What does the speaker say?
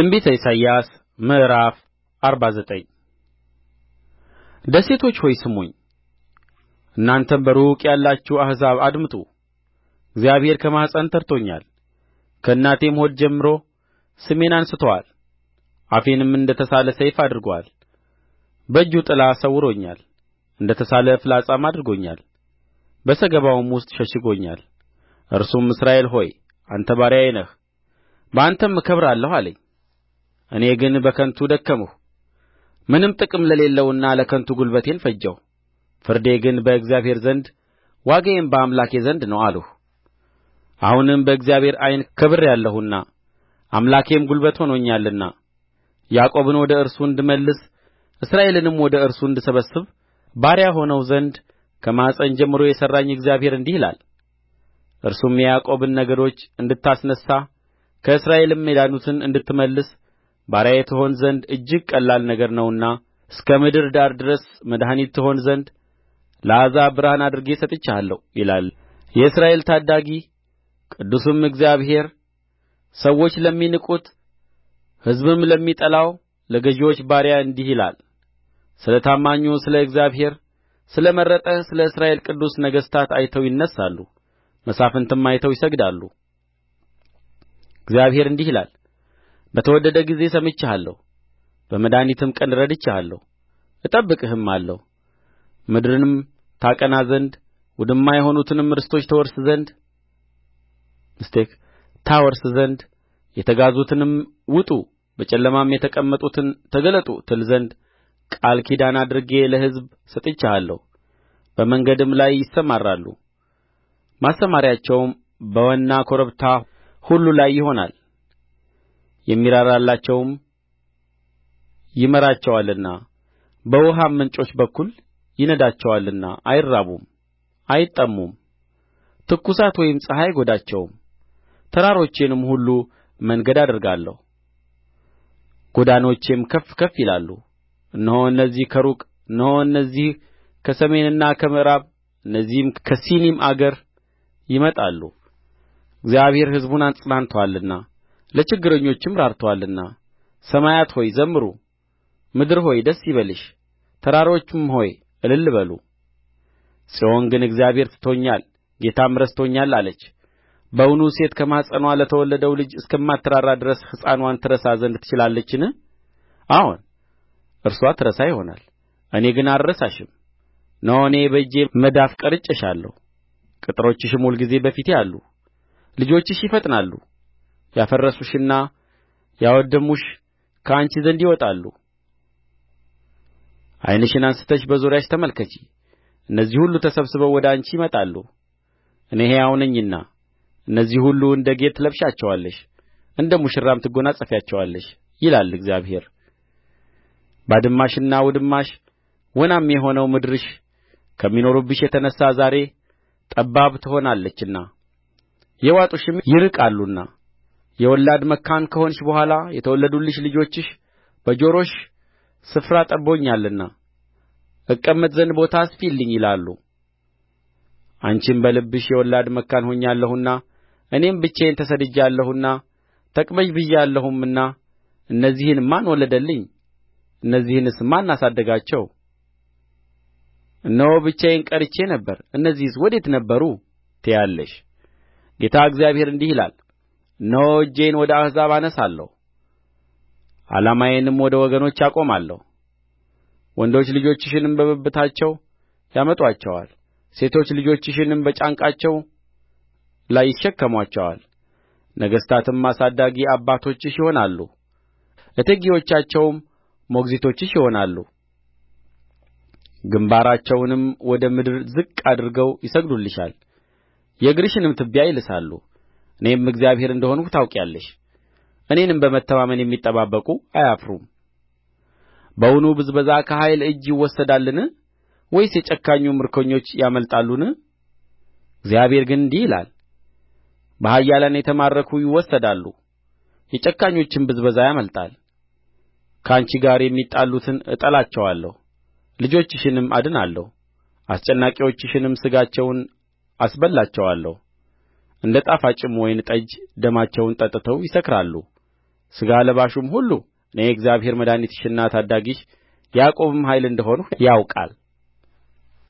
ትንቢተ ኢሳይያስ ምዕራፍ አርባ ዘጠኝ ደሴቶች ሆይ ስሙኝ እናንተም በሩቅ ያላችሁ አሕዛብ አድምጡ እግዚአብሔር ከማኅፀን ጠርቶኛል ከእናቴም ሆድ ጀምሮ ስሜን አንሥቶአል አፌንም እንደ ተሳለ ሰይፍ አድርጎአል በእጁ ጥላ ሰውሮኛል እንደ ተሳለ ፍላጻም አድርጎኛል በሰገባውም ውስጥ ሸሽጎኛል እርሱም እስራኤል ሆይ አንተ ባሪያዬ ነህ በአንተም እከብራለሁ አለኝ እኔ ግን በከንቱ ደከምሁ ምንም ጥቅም ለሌለውና ለከንቱ ጕልበቴን ፈጀሁ ፍርዴ ግን በእግዚአብሔር ዘንድ ዋጋዬም በአምላኬ ዘንድ ነው አልሁ አሁንም በእግዚአብሔር ዓይን ከብሬአለሁና አምላኬም ጕልበት ሆኖኛልና ያዕቆብን ወደ እርሱ እንድመልስ እስራኤልንም ወደ እርሱ እንድሰበስብ ባሪያ ሆነው ዘንድ ከማኅፀን ጀምሮ የሠራኝ እግዚአብሔር እንዲህ ይላል እርሱም የያዕቆብን ነገዶች እንድታስነሣ ከእስራኤልም የዳኑትን እንድትመልስ ባሪያዬ ትሆን ዘንድ እጅግ ቀላል ነገር ነውና እስከ ምድር ዳር ድረስ መድኃኒት ትሆን ዘንድ ለአሕዛብ ብርሃን አድርጌ ሰጥቼሃለሁ ይላል የእስራኤል ታዳጊ ቅዱሱም እግዚአብሔር ሰዎች ለሚንቁት ሕዝብም ለሚጠላው ለገዢዎች ባሪያ እንዲህ ይላል ስለ ታማኙ ስለ እግዚአብሔር ስለ መረጠህ ስለ እስራኤል ቅዱስ ነገሥታት አይተው ይነሣሉ መሳፍንትም አይተው ይሰግዳሉ እግዚአብሔር እንዲህ ይላል በተወደደ ጊዜ ሰምቼሃለሁ በመድኃኒትም ቀን ረድቼሃለሁ እጠብቅህማለሁ ምድርንም ታቀና ዘንድ ውድማ የሆኑትንም ርስቶች ታወርስ ዘንድ የተጋዙትንም ውጡ በጨለማም የተቀመጡትን ተገለጡ ትል ዘንድ ቃል ኪዳን አድርጌ ለሕዝብ ሰጥቼሃለሁ በመንገድም ላይ ይሰማራሉ ማሰማርያቸውም በወና ኮረብታ ሁሉ ላይ ይሆናል የሚራራላቸውም ይመራቸዋልና በውኃም ምንጮች በኩል ይነዳቸዋልና አይራቡም አይጠሙም ትኩሳት ወይም ፀሐይ አይጐዳቸውም ተራሮቼንም ሁሉ መንገድ አደርጋለሁ ጐዳኖቼም ከፍ ከፍ ይላሉ እነሆ እነዚህ ከሩቅ እነሆ እነዚህ ከሰሜንና ከምዕራብ እነዚህም ከሲኒም አገር ይመጣሉ እግዚአብሔር ሕዝቡን አጽናንቶአልና ለችግረኞችም ራርቶአልና ሰማያት ሆይ ዘምሩ ምድር ሆይ ደስ ይበልሽ ተራሮችም ሆይ እልል በሉ ጽዮን ግን እግዚአብሔር ትቶኛል ጌታም ረስቶኛል አለች በውኑ ሴት ከማኅፀንዋ ለተወለደው ልጅ እስከማትራራ ድረስ ሕፃንዋን ትረሳ ዘንድ ትችላለችን አዎን እርስዋ ትረሳ ይሆናል እኔ ግን አልረሳሽም እነሆ እኔ በእጄ መዳፍ ቀርጬሻለሁ ቅጥሮችሽም ሁልጊዜ በፊቴ አሉ ልጆችሽ ይፈጥናሉ ያፈረሱሽና ያወደሙሽ ከአንቺ ዘንድ ይወጣሉ ዓይንሽን አንሥተሽ በዙሪያሽ ተመልከቺ እነዚህ ሁሉ ተሰብስበው ወደ አንቺ ይመጣሉ እኔ ሕያው ነኝና እነዚህ ሁሉ እንደ ጌጥ ትለብሻቸዋለሽ እንደ ሙሽራም ትጐናጸፊያቸዋለሽ፣ ይላል እግዚአብሔር ባድማሽና ውድማሽ ወናም የሆነው ምድርሽ ከሚኖሩብሽ የተነሣ ዛሬ ጠባብ ትሆናለችና የዋጡሽም ይርቃሉና የወላድ መካን ከሆንሽ በኋላ የተወለዱልሽ ልጆችሽ በጆሮሽ ስፍራ ጠብቦኛልና እቀመጥ ዘንድ ቦታ አስፊልኝ ይላሉ አንቺም በልብሽ የወላድ መካን ሆኛለሁና እኔም ብቻዬን ተሰድጃለሁና ብዬአለሁምና እነዚህን ማን ወለደልኝ እነዚህንስ ማን አሳደጋቸው እነሆ ብቻዬን ቀርቼ ነበር እነዚህስ ወዴት ነበሩ ትያለሽ ጌታ እግዚአብሔር እንዲህ ይላል እነሆ እጄን ወደ አሕዛብ አነሣለሁ ዓላማዬንም ወደ ወገኖች አቆማለሁ ወንዶች ልጆችሽንም በብብታቸው ያመጡአቸዋል ሴቶች ልጆችሽንም በጫንቃቸው ላይ ይሸከሙአቸዋል ነገሥታትም አሳዳጊ አባቶችሽ ይሆናሉ እቴጌዎቻቸውም ሞግዚቶችሽ ይሆናሉ ግምባራቸውንም ወደ ምድር ዝቅ አድርገው ይሰግዱልሻል የእግርሽንም ትቢያ ይልሳሉ እኔም እግዚአብሔር እንደ ሆንሁ ታውቂያለሽ። እኔንም በመተማመን የሚጠባበቁ አያፍሩም በውኑ ብዝበዛ ከኃያል እጅ ይወሰዳልን ወይስ የጨካኙ ምርኮኞች ያመልጣሉን እግዚአብሔር ግን እንዲህ ይላል በኃያላን የተማረኩ ይወሰዳሉ የጨካኞችም ብዝበዛ ያመልጣል ከአንቺ ጋር የሚጣሉትን እጠላቸዋለሁ ልጆችሽንም አድናለሁ አስጨናቂዎችሽንም ሥጋቸውን አስበላቸዋለሁ እንደ ጣፋጭም ወይን ጠጅ ደማቸውን ጠጥተው ይሰክራሉ ሥጋ ለባሹም ሁሉ እኔ እግዚአብሔር መድኃኒትሽና ታዳጊሽ የያዕቆብም ኃይል እንደ ሆንሁ ያውቃል